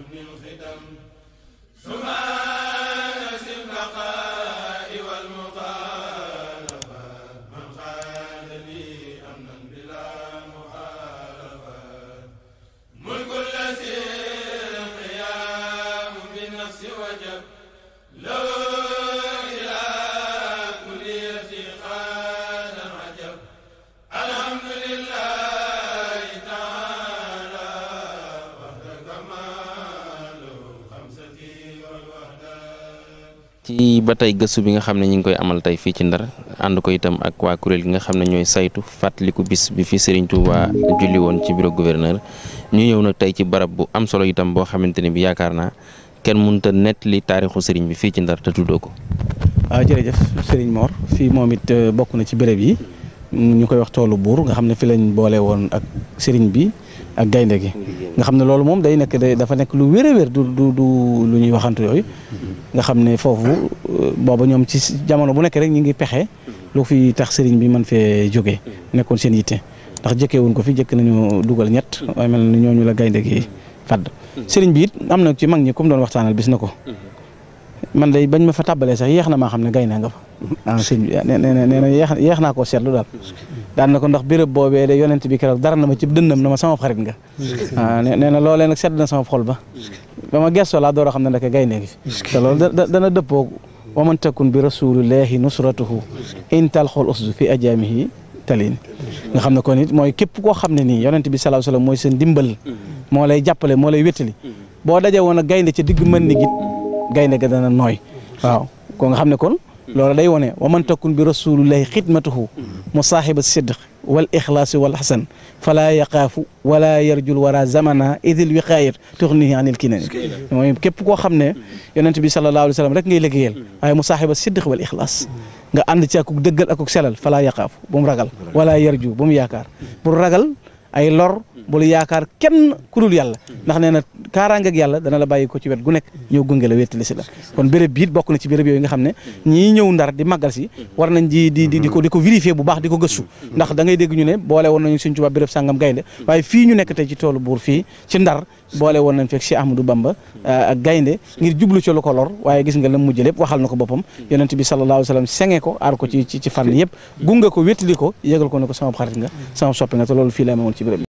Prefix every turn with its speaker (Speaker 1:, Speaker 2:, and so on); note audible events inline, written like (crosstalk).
Speaker 1: الختم سبحان ذي البقاء والمخالفة
Speaker 2: من قال لي أمنا بلا مخالفة ملك
Speaker 1: الذي القيام بالنفس وجب لو ci ba tey gëstu bi nga xam ne ñu ngi koy amal tey fii ci ndar ànd ko itam ak waa kuréel gi nga xam ne ñooy saytu fàttaliku bis bi fi Serigne Touba julli woon ci biro gouverneur ñu ñëw na tey ci barab bu am solo itam boo xamante ne bi yaakaar naa kenn mënta nettali taarixu sëriñ bi fii ci ndar te tuddoo ko.
Speaker 2: waaw ah, jërëjëf Serigne Mor fii moom it euh, bokk na ci béréb yi ñu koy wax toolu buur nga xam ne fi lañ boole woon ak sëriñ bi. ak gaynde gi nga xam ne loolu moom day nekk dafa nekk lu wér a wér du du du lu ñuy waxantu yooyu nga xam ne foofu euh, booba ñoom ci jamono bu nekk rek ñu ngi pexe lu fi tax sëriñ bi man fee jógee nekkoon seen yitte ndax jëkkeewuñ ko fi jëkk nañu dugal ñett waaye mel na ñooñu gaynde gi fadd sëriñ bi it am na ci mag ñi comme doon waxtaanal bis na ko man day bañ ma fa tàbbalee sax yéex na maa xam ne gaynde nga fa (laughs) ah sëriñ bi nee na naa koo seetlu daal daan na ko ndax béréb boobee de yonent bi keroog dara na ma ci dënnam na ma sama xarit nga waaw ah, nee na loolee nag sedd na sama xol ba ba ma gestoo laa door a xam ne ndeke gaynde gi nga xam ne kon it koo xam ne nii yonent bi sallallahu alayhi mooy seen dimbal mm-hmm. moo lay jàppale moo lay wétali mm-hmm. boo dajee woon a gaynde ca digg mën ni git gaynde ga dana nooy waaw ko nga xam ne kon mm-hmm. loolu day wone wa man takun bi rasulillahi xidmatuhu مصاحب الصدق والإخلاص والحسن فلا يقاف ولا يرجل وراء زمنا إذ الوقاير تغنيه عن الكنان كيف كو خمنا ينتبي صلى الله عليه وسلم رك ني لغيال اي مصاحب الصدق والإخلاص nga and ci akuk deugal akuk selal fala yaqaf bum ragal wala yarju bum yakar bur ragal ay lor bul yaakaar kenn ku dul yàlla ndax nee na yàlla dana la bàyyi ko ci wet gu nekk ñëw gunge la wéttali si la kon béréb bi bokk na ci béréb yooyu nga xam ne ñii ñëw ndar di màggal si war nañ di di ko di ko bu baax di ko gëstu ndax da ngay dégg ñu ne boole woon nañu Sëñ Tuubaa béréb sàngam gaynde waaye fii ñu nekk tey ci toolu buur fii ci ndar boole woon nañ fekk Cheikh Ahmadou Bamba euh, gaynde ngir jublu ci ko lor waaye gis nga la mujj lépp waxal wa sallam senge ko aar ko ci ci fànn yëpp gunge ko wéttali ko yégal ko ne ko sama xarit nga sama soppi nga te